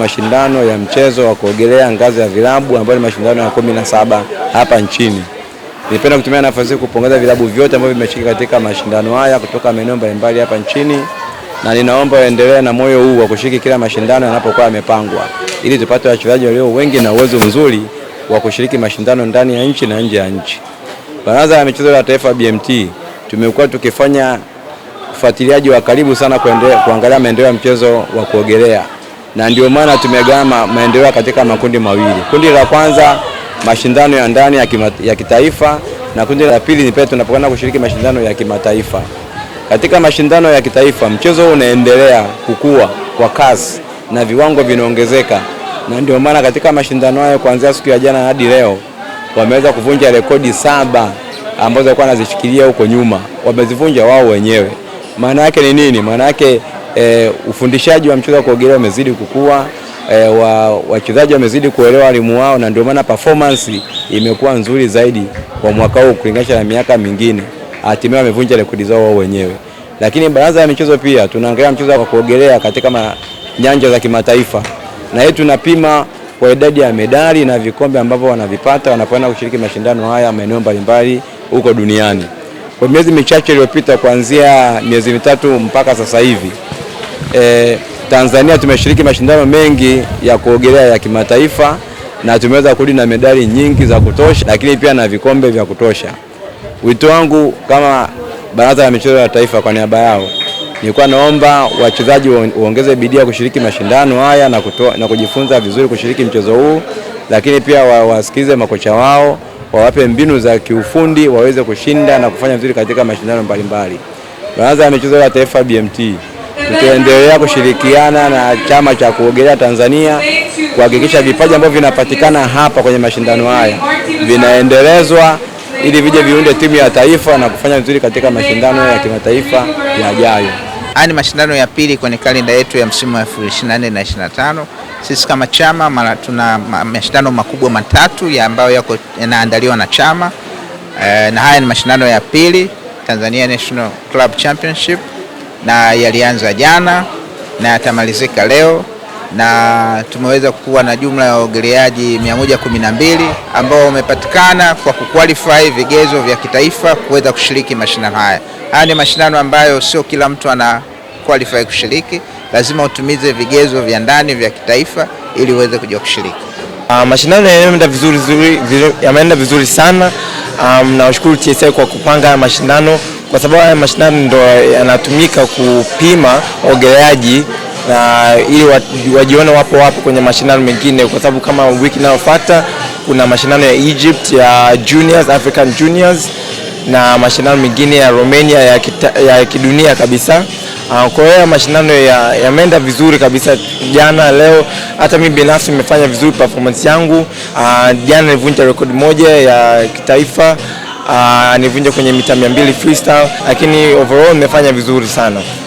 Mashindano ya mchezo wa kuogelea ngazi ya vilabu ambayo ni mashindano ya kumi na saba hapa nchini. Nipenda kutumia nafasi hii kupongeza vilabu vyote ambavyo vimeshiriki katika mashindano haya kutoka maeneo mbalimbali hapa nchini, na ninaomba waendelee na moyo huu wa kushiriki kila mashindano yanapokuwa yamepangwa, ili tupate wachezaji walio wengi na uwezo mzuri wa kushiriki mashindano ndani ya nchi na nje ya nchi. Baraza la Michezo la Taifa BMT tumekuwa tukifanya ufuatiliaji wa karibu sana kuendelea kuangalia maendeleo ya mchezo wa kuogelea na ndio maana tumegawa maendeleo katika makundi mawili. Kundi la kwanza mashindano ya ndani ya, kima, ya kitaifa na kundi la pili ni pale tunapokana kushiriki mashindano ya kimataifa. Katika mashindano ya kitaifa mchezo unaendelea kukua kwa kasi na viwango vinaongezeka, na ndio maana katika mashindano hayo kuanzia siku ya jana hadi leo wameweza kuvunja rekodi saba ambazo walikuwa wanazishikilia huko nyuma, wamezivunja wao wenyewe. Maana yake ni nini? Maana yake e, ufundishaji wa mchezo wa kuogelea umezidi kukua e, wachezaji wamezidi kuelewa walimu wao, na ndio maana performance imekuwa nzuri zaidi kwa mwaka huu kulinganisha na miaka mingine. Hatimaye wamevunja rekodi zao wao wenyewe. Lakini baraza la michezo pia tunaangalia mchezo wa kuogelea katika nyanja za kimataifa, na yeye tunapima kwa idadi ya medali na vikombe ambavyo wanavipata wanapoenda kushiriki mashindano haya maeneo mbalimbali huko duniani. Kwa miezi michache iliyopita, kuanzia miezi mitatu mpaka sasa hivi e, Tanzania tumeshiriki mashindano mengi ya kuogelea ya kimataifa na tumeweza kurudi na medali nyingi za kutosha, lakini pia na vikombe vya kutosha. Wito wangu kama Baraza la Michezo ya Taifa kwa niaba yao, nilikuwa naomba wachezaji waongeze bidii ya kushiriki mashindano haya na, kuto, na kujifunza vizuri kushiriki mchezo huu, lakini pia wawasikize makocha wao, wawape mbinu za kiufundi waweze kushinda na kufanya vizuri katika mashindano mbalimbali. Baraza la Michezo ya Taifa BMT tutaendelea kushirikiana na chama cha kuogelea Tanzania kuhakikisha vipaji ambavyo vinapatikana hapa kwenye mashindano haya vinaendelezwa ili vije viunde timu ya taifa na kufanya vizuri katika mashindano ya kimataifa yajayo. Haya ni mashindano ya pili kwenye kalenda yetu ya msimu wa 2024 na 25. Sisi kama chama mara tuna mashindano makubwa matatu ya ambayo yako yanaandaliwa na chama e, na haya ni mashindano ya pili Tanzania National Club Championship na yalianza jana na yatamalizika leo, na tumeweza kuwa na jumla ya waogeleaji 112 ambao wamepatikana kwa kuqualify vigezo vya kitaifa kuweza kushiriki mashindano haya. Haya ni mashindano ambayo sio kila mtu ana qualify kushiriki, lazima utumize vigezo vya ndani vya kitaifa ili uweze kuja kushiriki. Uh, mashindano yameenda vizuri, vizuri, yameenda vizuri sana. Um, ah, nawashukuru TSA kwa kupanga mashindano kwa sababu haya mashindano ndo yanatumika kupima ogeleaji na ili wajione wapo wapo kwenye mashindano mengine, kwa sababu kama wiki inayofuata kuna mashindano ya Egypt ya juniors, African juniors na mashindano mengine ya Romania ya, kita, ya kidunia kabisa. Ah, kwa hiyo mashindano yameenda ya vizuri kabisa jana, leo. Hata mimi binafsi nimefanya vizuri performance yangu. Ah, jana nilivunja rekodi moja ya kitaifa. Ah, nivunje kwenye mita 200 freestyle, lakini overall nimefanya vizuri sana.